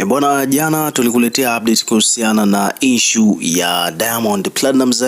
E bwana, jana tulikuletea update kuhusiana na issue ya Diamond Platinumz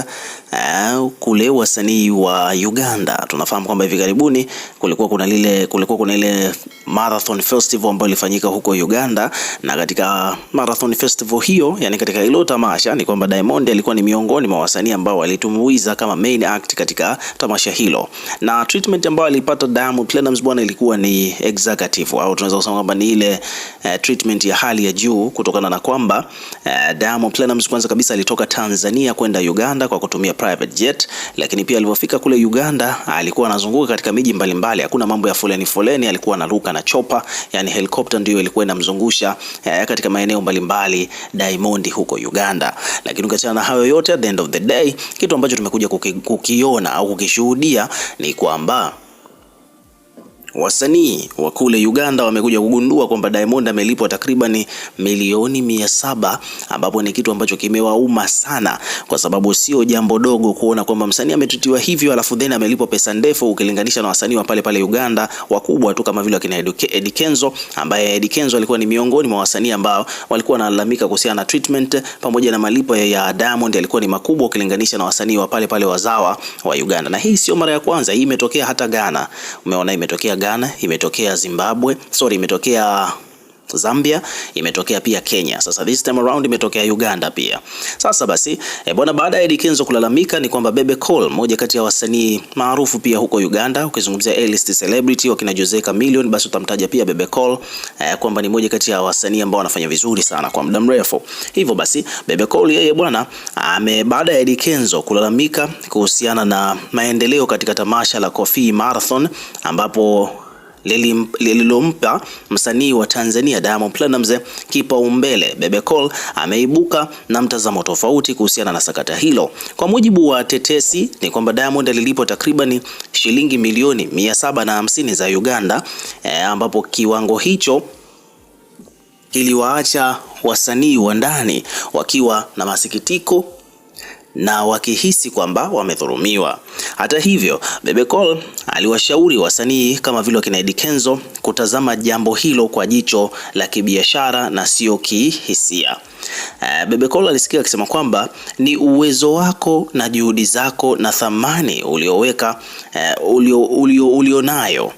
Eh, kule wasanii wa Uganda tunafahamu kwamba hivi karibuni kulikuwa kuna lile kulikuwa kuna ile Marathon Festival ambayo ilifanyika huko Uganda, na katika Marathon Festival hiyo, yani katika hilo tamasha, ni kwamba Diamond alikuwa ni miongoni mwa wasanii ambao walitumbuiza kama main act katika tamasha hilo, na treatment ambayo alipata Diamond Platnumz bwana, ilikuwa ni executive au tunaweza kusema kwamba ni ile eh, treatment ya hali ya juu kutokana na kwamba eh, Diamond Platnumz kwanza kabisa alitoka Tanzania kwenda Uganda kwa kutumia private jet, lakini pia alipofika kule Uganda alikuwa anazunguka katika miji mbalimbali, hakuna mambo ya foleni foleni, alikuwa anaruka na chopa, yani helicopter ndio ilikuwa inamzungusha eh, katika maeneo mbalimbali Diamond huko Uganda. Lakini ukiachana na hayo yote, at the end of the day, kitu ambacho tumekuja kukiona au kukishuhudia ni kwamba Wasanii wa kule Uganda wamekuja kugundua kwamba Diamond amelipwa takriban milioni mia saba ambapo ni kitu ambacho kimewauma sana, kwa sababu sio jambo dogo kuona kwamba msanii ametutiwa hivyo alafu then amelipwa pesa ndefu, ukilinganisha na wasanii wa pale pale Uganda wakubwa tu kama vile wakina Eddy Kenzo, ambaye Eddy Kenzo alikuwa ni miongoni mwa wasanii ambao walikuwa wanalalamika kuhusiana na treatment pamoja na malipo ya Diamond yalikuwa ni makubwa ukilinganisha na wasanii wa pale pale wazawa wa Uganda. Na hii sio mara ya kwanza, hii imetokea hata Ghana, umeona imetokea Ghana, imetokea Zimbabwe, sorry, imetokea Zambia, imetokea pia Kenya. Sasa this time around imetokea Uganda pia. Sasa basi e, bwana, baada ya Edikenzo kulalamika ni kwamba Bebe Cool, moja kati ya wasanii maarufu pia huko Uganda, ukizungumzia A-list celebrity wakina Jose Chameleone, basi utamtaja pia Bebe Cool e, eh, kwamba ni moja kati ya wasanii ambao wanafanya vizuri sana kwa muda mrefu. Hivyo basi Bebe Cool yeye bwana ame, baada ya Edikenzo kulalamika kuhusiana na maendeleo katika tamasha la Coffee Marathon ambapo lililompa msanii wa Tanzania Diamond Platnumz kipaumbele. Bebe Cool ameibuka na mtazamo tofauti kuhusiana na sakata hilo. Kwa mujibu wa tetesi ni kwamba Diamond alilipwa takribani shilingi milioni mia saba na hamsini za Uganda e, ambapo kiwango hicho kiliwaacha wasanii wa ndani wakiwa na masikitiko na wakihisi kwamba wamedhulumiwa. Hata hivyo, Bebe Cool aliwashauri wasanii kama vile wakina Eddy Kenzo kutazama jambo hilo kwa jicho la kibiashara na sio kihisia. Eh, Bebe Cool alisikika akisema kwamba ni uwezo wako na juhudi zako na thamani ulioweka eh, ulio, ulio, ulionayo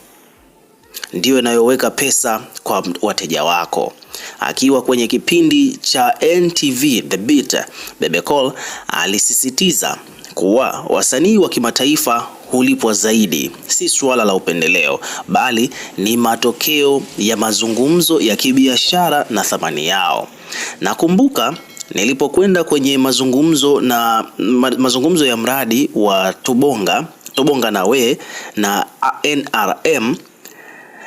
ndiyo inayoweka pesa kwa wateja wako. Akiwa kwenye kipindi cha NTV The Beat, Bebe Cool alisisitiza kuwa wasanii wa kimataifa hulipwa zaidi, si suala la upendeleo, bali ni matokeo ya mazungumzo ya kibiashara na thamani yao. Nakumbuka nilipokwenda kwenye mazungumzo na ma, mazungumzo ya mradi wa Tubonga Tubonga na we na NRM,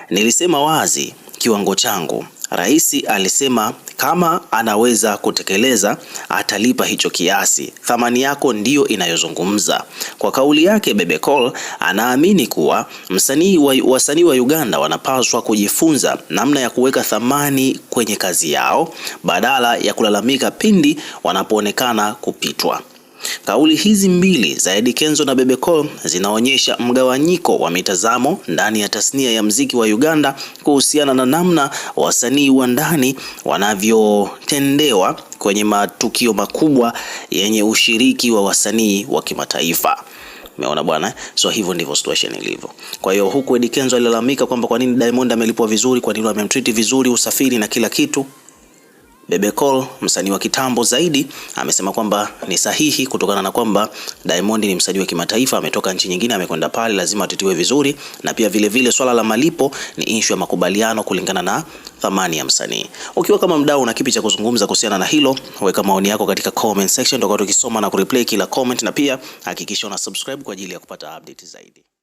nilisema wazi kiwango changu Rais alisema kama anaweza kutekeleza atalipa hicho kiasi, thamani yako ndiyo inayozungumza. Kwa kauli yake, Bebe Cool anaamini kuwa msanii wa, wasanii wa Uganda wanapaswa kujifunza namna ya kuweka thamani kwenye kazi yao badala ya kulalamika pindi wanapoonekana kupitwa. Kauli hizi mbili za Eddy Kenzo na Bebe Cool zinaonyesha mgawanyiko wa mitazamo ndani ya tasnia ya mziki wa Uganda kuhusiana na namna wasanii wa ndani wanavyotendewa kwenye matukio makubwa yenye ushiriki wa wasanii wa kimataifa. Umeona bwana, so hivyo ndivyo situation ilivyo. Kwa hiyo huku Eddy Kenzo alilalamika kwamba kwa nini Diamond amelipwa vizuri, kwa nini amemtreat vizuri, usafiri na kila kitu. Bebe Cole, msanii wa kitambo zaidi, amesema kwamba ni sahihi kutokana na kwamba Diamond ni msanii wa kimataifa, ametoka nchi nyingine, amekwenda pale, lazima atitiwe vizuri, na pia vile vile swala la malipo ni issue ya makubaliano kulingana na thamani ya msanii. Ukiwa kama mdau, una kipi cha kuzungumza kuhusiana na hilo? Weka maoni yako katika comment section, tutakuwa tukisoma na kureplay kila comment, na pia hakikisha una subscribe kwa ajili ya kupata update zaidi.